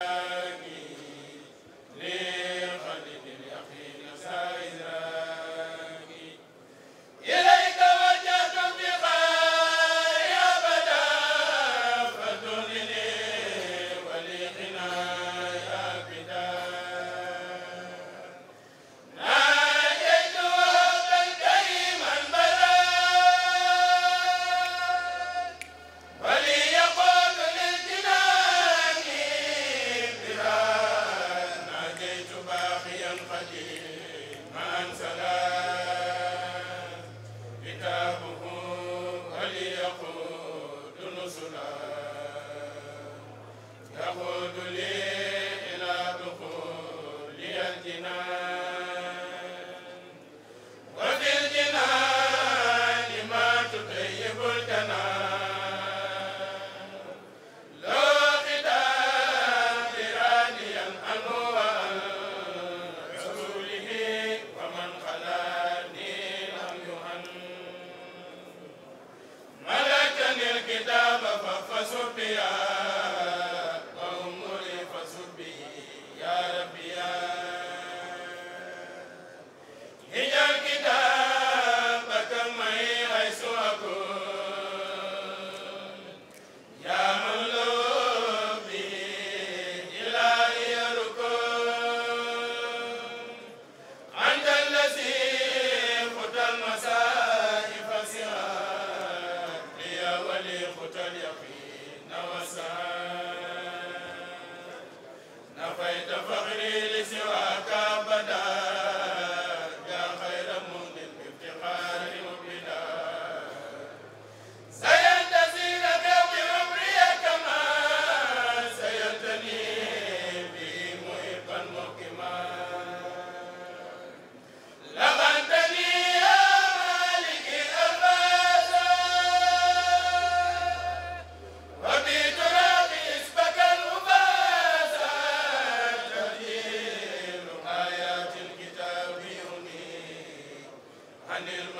Thank you. Sayyidina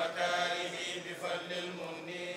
وتاره بفضل المنير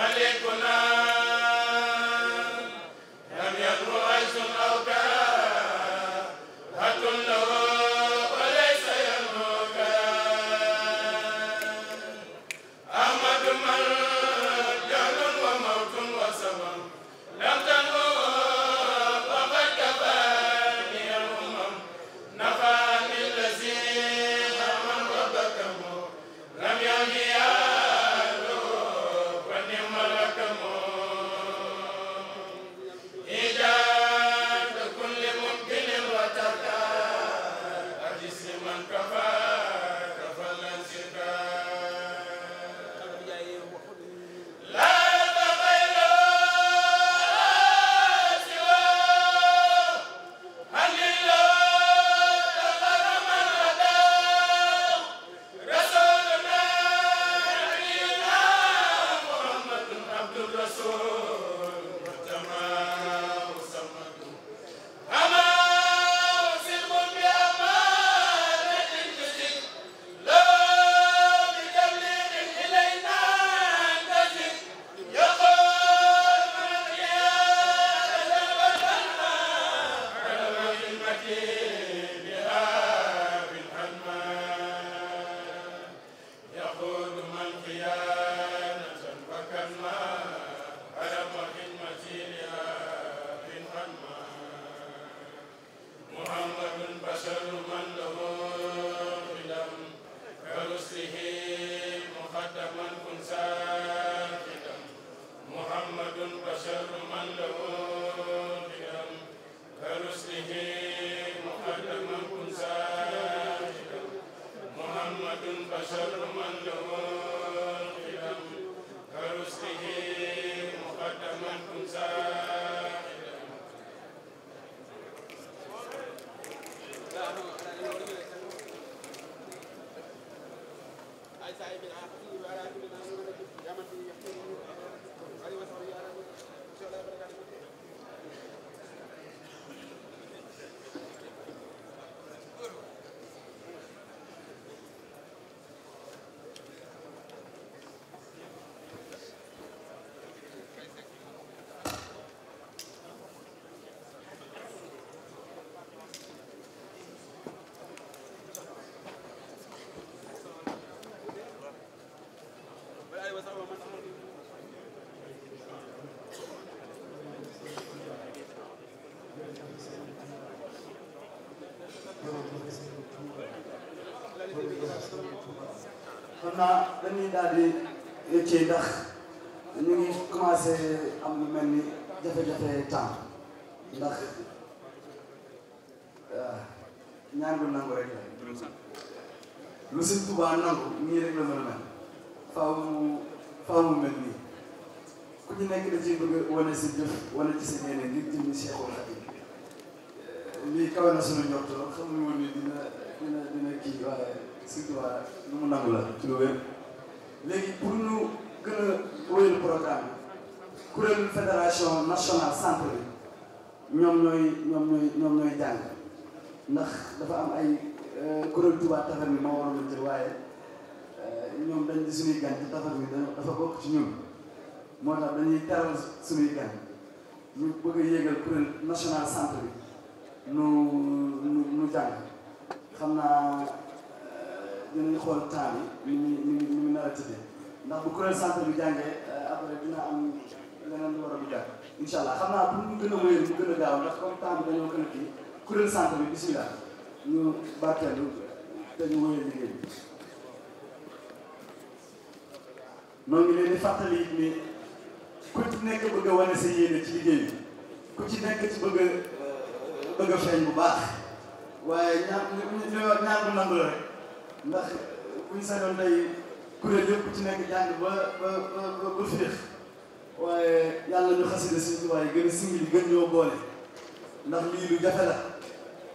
ba leen ko na naa dañuy daal di yëccee ndax ñu ngi commencé am lu mel ni jafe-jafe temps ndax euh, ñaan bu nangu rek la lu si Tuubaa nangu nii rek la mën a mel faaw mu faaw mu mel nii ku ci nekk da ciy bëgg wane si jëf wane ci sa yéene ngir jëm ni Seexul Xadiim lii kawe na suñu njort lool xamuñu woon ni dina dina surtout waa nu mu la ci léegi pour ñu gën a wéyal programme kuréel fédération nationale centre bi ñoom ñooy ñoom ñooy ñoom ñooy jàng ndax dafa am ay euh, kuréel Touba Tafar bi moo waroon a jël waaye euh, ñoom dañ di suñuy gan ci Tafar bi dafa bokk ci ñun moo tax dañuy teral suñuy gan ñu bëgg a yéegal kuréel national centre nu jàng xam naa. dinañ xool temps bi ni muy ni muy nar ndax bu kuréel santé bi jàngee euh, après dina am leneen lu war a bu jàpp allah xam naa pour ñu gën a wéyal ñu gën a gaaw ndax comme temps bi dañoo gën a kii kuréel santé bi bisimilah ñu barkeelu te ñu wéyal liggéey bi. leen di fàttali it ni ku ci nekk bëgg a wane sa yéene ci liggéey bi ku ci nekk ci bëgg a euh, bëgg a feeñ bu baax waaye ñaar ñaar bu nangu rek. ndax buñ sañoon tey kuréel yëpp ci nekk jàng ba ba ba ba féex waaye yàlla ñu xasida suñ tubaay gën a singil gën ñoo boole ndax lii lu jafe la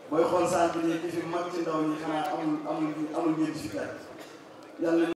booy xool saal bi fi mag ci ndaw ñi xanaa amul amul amul ñeenti fi kaay